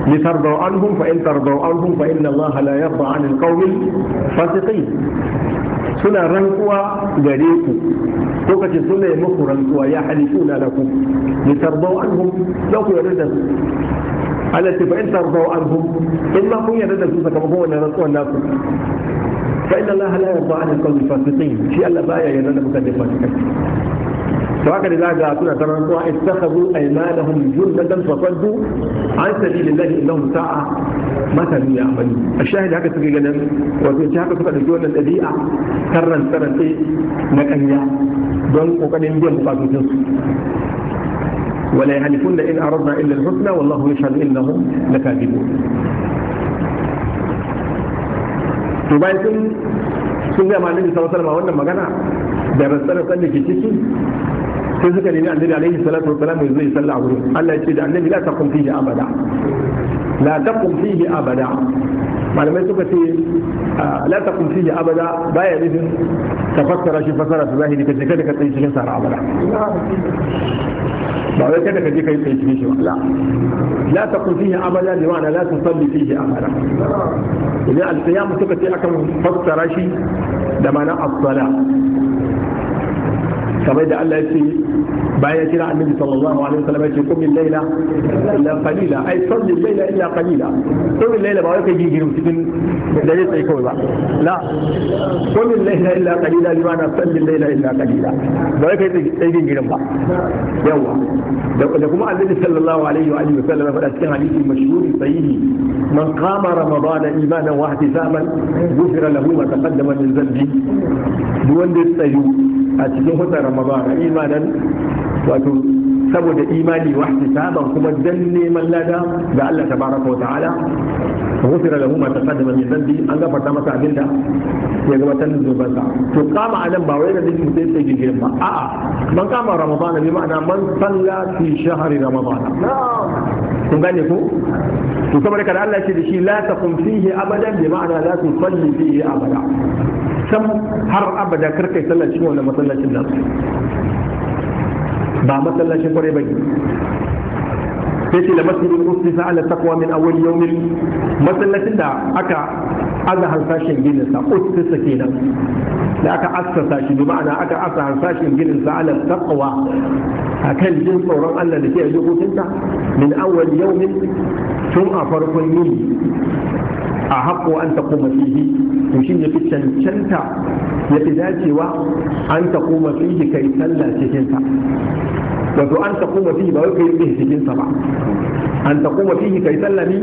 لترضوا عنهم فإن ترضوا عنهم فإن الله لا يرضى عن القوم الفاسقين suna rantsuwa gare ku lokacin sun yi muku rantsuwa ya halittu na lakum li tardau anhum za ku yarda da su alati fa in tardau anhum in ma kun yarda da su sakamakon wannan rantsuwan naku fa inna allaha shi Allah da to haka da za ga suna ta rantsuwa ittakhadhu aymanahum jundatan fasaddu an sabilillahi innahum sa'a matalu ya amali a shahid haka suke ganin wato ce haka suka dauki wannan ɗabi'a, karran tsarance na ƙanya don kokarin biyan bukatun su da ولا يحلفن إن أردنا إلا الحسنى والله يشهد إنهم لكاذبون to bayan sun sun gaya malin da sallallahu wannan magana da rantsar da ke ciki sai suka nemi annabi alaihi salatu wasalam ya zo ya salla a wurin Allah ya ce da annabi la taqum fihi abada la taqum fihi abada malamai suka ce la taqum fihi abada baya nufin ka fassara shi fassara ta zahiri ka je kada ka tsaye cikin sara abada ba wai kada ka je ka yi tsaye cikin shi ba la la taqum fihi abada bi ma'ana la tusalli fihi abada idan al-qiyam suka ce akan fassara shi da ma'ana as-sala kamar da Allah ya ce bayan kira annabi sallallahu alaihi wasallam ya ce min layla illa qalila ay salli layla illa qalila qum min layla ba wai kai gigirin cikin da ya tsaye kawai ba la qum min layla illa qalila limana salli layla illa qalila ba wai kai tsaye gigirin ba yawa da kuma annabi sallallahu alaihi wa alihi ya faɗa cikin hadisi mashhuri sahihi man qama ramadana imanan wa ihtisaban ghufira lahu ma taqaddama min dhanbi duk wanda tsayu a cikin hutun ramadan imanan wato saboda imani wa ihtisaban kuma dan neman lada ga Allah tabaraka wa ta'ala غفر له ما تقدم من ذنبه an gafarta masa abin ya gabatar da zubansa to kama anan ba wai da zai sai sai gigin ba a'a man kama ramadan bi ma'ana man salla fi shahri ramadan kun gane ko to saboda kada Allah ce da shi la taqum fihi abadan bi ma'ana la abada sam har abada kar kai sallah cikin wannan masallacin nasu ba masallacin kwarai bane sai ce da masjidin usisa ala taqwa min awwal yawmin masallacin da aka aza hansashin ginin sa usisa kenan da aka assasa shi bi ma'ana aka asa hansashin ginin sa ala a kan jin tsoron Allah da ke yi hukunta min awwal yawmin tun a farkon yini a haƙo an ta koma fihi to shi ne fi cancanta ya fi dacewa an ta koma fihi kai sallah cikinsa wato an ta koma fihi ba wai kai fihi cikinsa ba an ta koma fihi kai sallah ni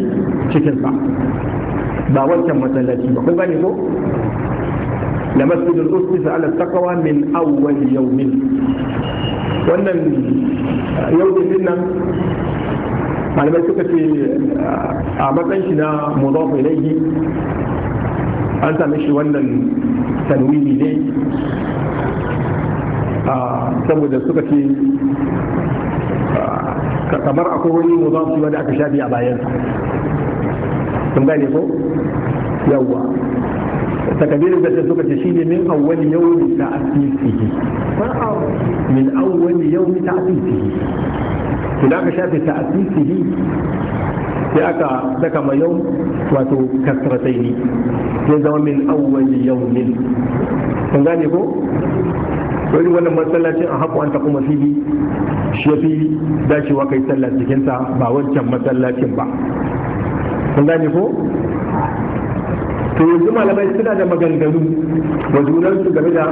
cikinsa ba wancan masallaci ba kun gane ko لمسجد أسس على التقوى من أول يوم wannan yau da nan malamai suka ce a matsayin shi na mudaf ilaihi an same shi wannan tanwini ne a saboda suka ce kamar akwai wani mudaf shi wanda aka shafi a bayan sun gane ko yawwa تكبير بس سوف تشيل من أول يوم تأسيسه من أول يوم تأسيسه to da aka shafe ta asisihi sai aka saka ma yau wato kasratai ne ya zama min awwali ne Kan gane ko wani wannan masallacin a haku an taɓa fili shi fi dacewa kai sallah cikinsa ba wancan masallacin ba Kan gane ko to yanzu malamai suna da maganganu wa junansu game da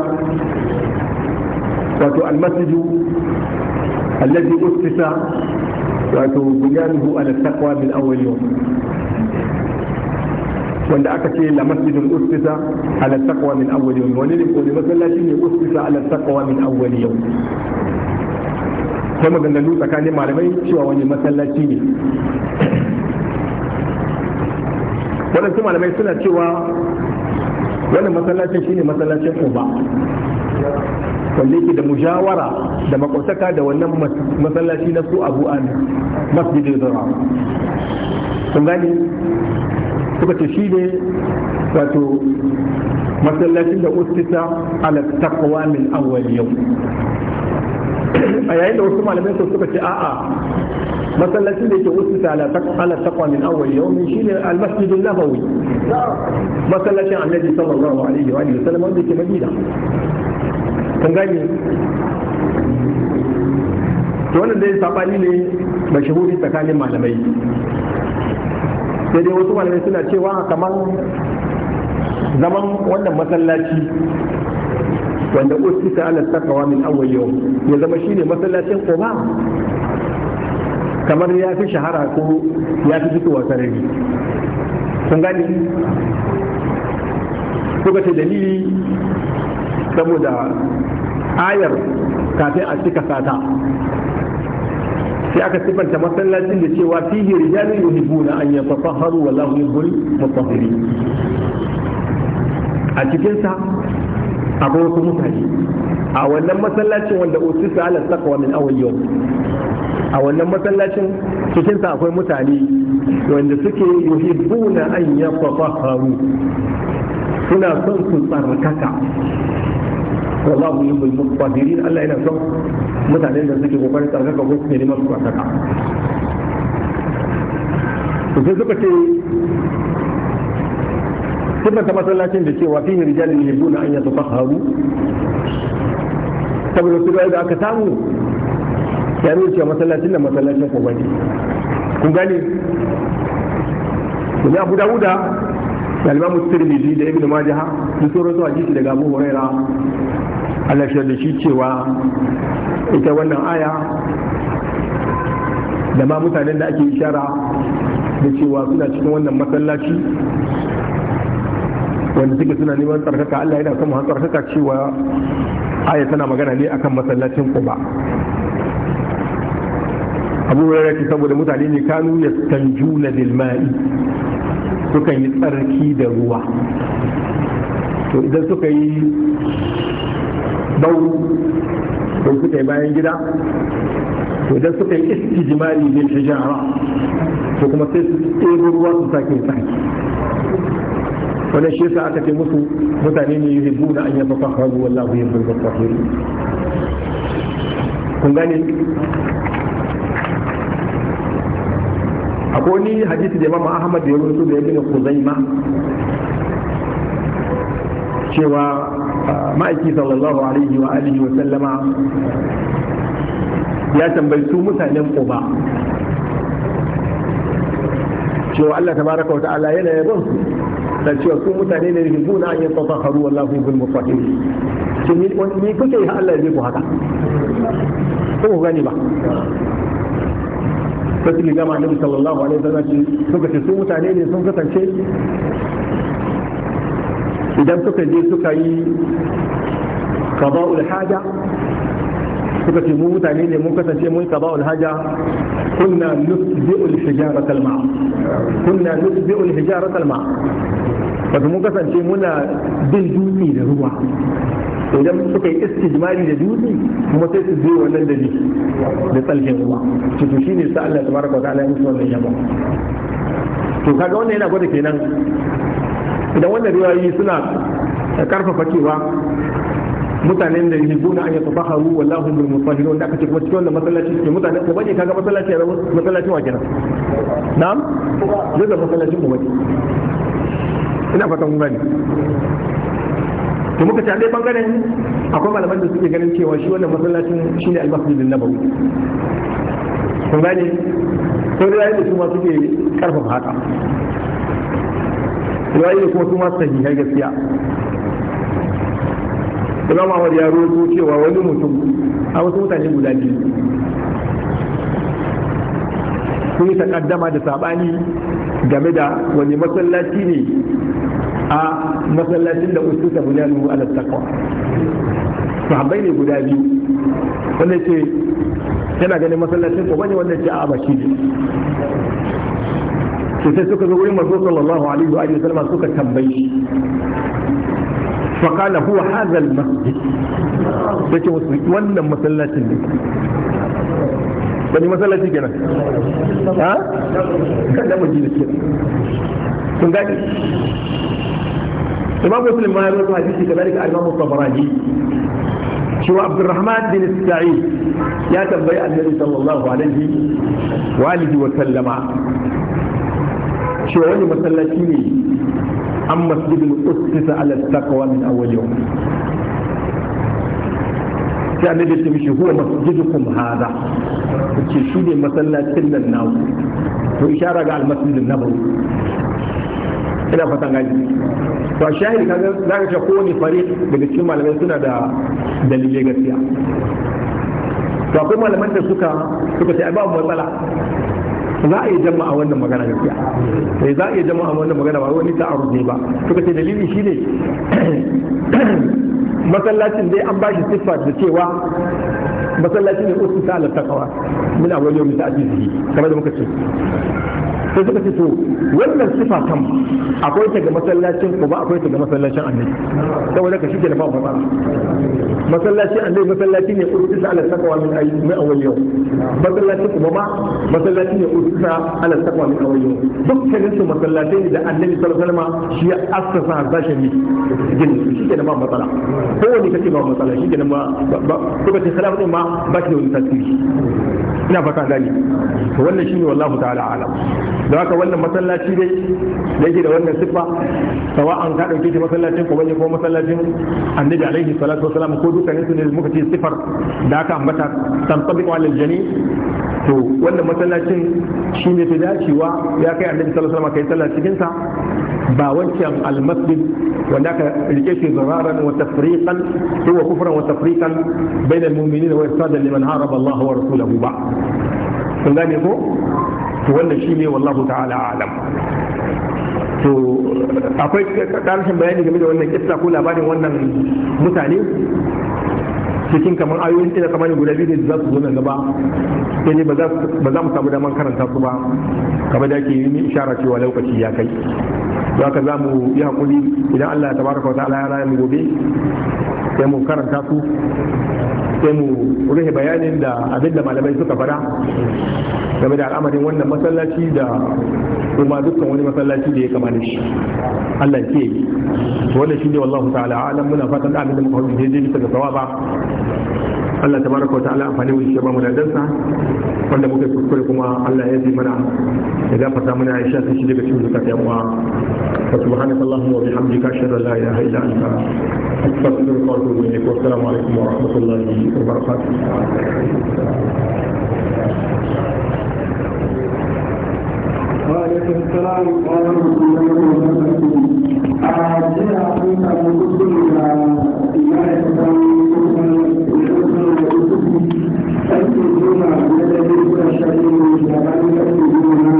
wato almasiju الذي أسس بنيانه على التقوى من أول يوم wanda aka ce la masjidul ustisa ala taqwa min awwal yawm wani ne kodi masallaci ne ustisa ala taqwa min awwal yawm sai maganganu tsakanin malamai cewa wani masallaci ne waɗansu malamai suna cewa wani masallacin shine masallacin uba wanda yake da mujawara da makwataka da wannan masallaci na su abu an masjidin zara kun gani suka ce shi ne wato masallacin da ustisa ala taqwa min awwal yau a yayin da wasu malamai suka ce a'a masallacin da ke wasu ala takwa min awwal yawmi shine al-masjid an-nabawi masallacin annabi sallallahu alaihi wa sallam wanda ke madina kun to wannan dai sabani ne mashahuri tsakanin malamai sai dai wasu malamai suna cewa kamar zaman wannan masallaci wanda ta ala takawa min awwal yau ya zama shine masallacin koma kamar ya fi shahara ko ya fi fitowa sarari kun gani kuka ce dalili saboda ayar kafin a cika sata sai aka sifanta masallacin da cewa fihi rijalun yuhibbuna an yatatahharu wallahu yuhibbul mutahhirin a cikin sa akwai wasu mutane a wannan masallacin wanda usisa ala taqwa min awwal yawm a wannan masallacin cikin sa akwai mutane wanda suke yuhibbuna an haru suna son su tsarkaka wallahu yuhibbul mutahhirin Allah yana son mutanen da suke kokarin tsarkaka ko suke neman su tsarkaka to sai suka ce sifanta masallacin da cewa fihi rijalun yuhibbuna an yatafahharu saboda su da aka samu ya nuna cewa masallacin da masallacin ku bane kun gane ya Abu Dawuda da alimamu tirmidhi da ibnu majaha sun so rasu hadisi daga abu huraira Allah shi da shi cewa ita wannan aya da ma mutanen da ake ishara da cewa suna cikin wannan masallaci wanda suke suna neman tsarkaka Allah yana son tsarkaka cewa aya tana magana ne akan masallacin Quba abu hurairah ce saboda mutane ne kanu yastanjuna bil ma'i sukan yi tsarki da ruwa to idan suka yi bauru don suka yi bayan gida to idan suka yi iski istijmari bil hijara to kuma sai su ɗebo ruwa su sake tsaki wannan shi yasa aka ce musu mutane ne yi yuhibbuna an yatafakkaru wallahu yuhibbul mutafakkirin kun gane akwai wani hadisi da imam ahmad ya rubuto da ya bin kuzaima cewa ah, ma'aiki sallallahu alaihi wa alihi wa sallama ya tambayi su mutanen quba cewa Allah tabaraka wa ta'ala yana yabon su da cewa su mutane ne da guna an yi tafaharu wallahu bil mufahim to ni kuke yi Allah zai ku haka ko ku gani ba sai suka gama annabi sallallahu alaihi wasallam ce suka ce su mutane ne sun kasance idan suka je suka yi qada'ul haja suka ce mu mutane ne mun kasance mun qada'ul haja kunna nusbi'ul hijarata al-ma kunna nusbi'ul hijarata al-ma wato mun kasance muna bin dutse da ruwa to idan suka yi istijmari da dutse kuma sai su biyo wannan da da tsalkin ruwa to to shine sa Allah tabaraka wa ta'ala ya musu wannan yaba to kaga wannan yana gwada kenan idan wannan riwayoyi suna karfafa cewa mutanen da yi gona an yi tafaharu wallahu bil mutahhirin wanda aka ce kuma cikin wannan masallaci ne mutanen ko bane kaga masallaci ya masallacin wa kenan na'am zai da masallacin ko bane ina fatan kun gani to muka ci a ɗaya bangaren akwai malaman da suke ganin cewa shi wannan masallacin shine almasjidin nabawi kun gane sai da yayin da su ma suke karfafa haka yayin da kuma su ma har gaskiya Imam Ahmad ya rozo cewa wani mutum a wasu mutane guda biyu sun yi takaddama da sabani game da wani masallaci ne a masallacin da ustuta bunyanuhu ala taqwa sahabbai ne guda biyu wanda ce yana ganin masallacin ko bane wanda ce a baki ne to sai suka zo wurin manzo sallallahu alaihi wa alihi wasallam suka tambayi shi fa qala huwa hadha al masjid yake musu wannan masallacin ne wani masallaci kenan ha kada mu ji da kenan kun gani imam muslim ma ya rawaito hadisi kadalika al-imam tabarani cewa abdurrahman bin sa'id ya tambayi annabi sallallahu alaihi wa alihi wa sallama cewa wani masallaci ne an masjidul ussisa ala taqwa min awwal yawm sai annabi ya ce mishi huwa masjidukum hada ce shi ne masallacin nan naku to ishara ga al-masjidun nabawi ina fatan gani to shahid kaga ga ka ce kowane fari daga cikin malamai suna da dalilai gaskiya to akwai malaman da suka suka ce babu matsala za a yi jama'a wannan magana gaskiya sai eh, za a yi jama'a wannan magana ba wani ta arzu ba suka ce dalili shine masallacin dai an bashi siffa da cewa masallaci ne usu ta ala takawa min awwal yawmi ta'jizihi kamar da muka ce sai suka ce to wannan sifa kan akwai ta ga masallacin ko ba akwai ta ga masallacin annabi saboda ka shike da ba ba masallacin annabi masallaci ne usu ta ala takawa min ayi min awwal yau masallacin ko ba masallaci ne usu ta ala takawa min awwal yawm dukkanin su masallatai ne da annabi sallallahu alaihi wasallam shi ya assasa harsashin ne gin shi ke da ba matsala kowane kace ba matsala shi ke da ba ba ko ba ta salamu ma ma ba shi da wani tasiri ina fata gani to wannan shine wallahu ta'ala alam da haka wannan masallaci dai da yake da wannan siffa an ka dauke shi masallacin ko bane ko masallacin annabi alaihi salatu wasalam ko dukkan su ne muka ce siffar da aka ambata tantabiqu alal jani to wannan masallacin shine ta dacewa ya kai annabi sallallahu alaihi wasallam kai sallah cikin sa ba wancan almasjid wanda aka rike shi zararan wa tafriqan huwa kufran wa tafriqan bainal mu'minin wa ustadan liman haraba Allah wa rasulahu ba kun gane ko wannan shine wallahu ta'ala alam to akwai karshen bayani game da wannan kissa ko labarin wannan mutane cikin kamar ayoyin ina kamar guda biyu da za su zo nan gaba sai ba za mu samu daman karanta su ba kamar da ke yi ishara cewa lokaci ya kai za ka za mu yi hakuri idan Allah ya tabaraka wa ta'ala ya raya mu gobe sai mu karanta su sai mu rufe bayanin da abinda malamai suka fara game da al'amarin wannan masallaci da kuma dukkan wani masallaci da ya kama da shi Allah ke yi wannan shine wallahu ta'ala alam muna fatan da abinda muka rubuta daidai bisa ga sawaba Allah tabaraka wa ta'ala amfani mu shi ba mu ladansa wanda muke kuskure kuma Allah ya ji mana ya gafarta mana ya shafi shi daga cikin zakata yan uwa wa subhanaka allahumma wa bihamdika ashhadu an la ilaha illa anta astaghfiruka wa atubu ilayk wa assalamu alaikum wa rahmatullahi wa barakatuh وعليكم السلام ورحمة الله وبركاته. أعزائي أخوتي أبو إلى إمارة el de la la banda.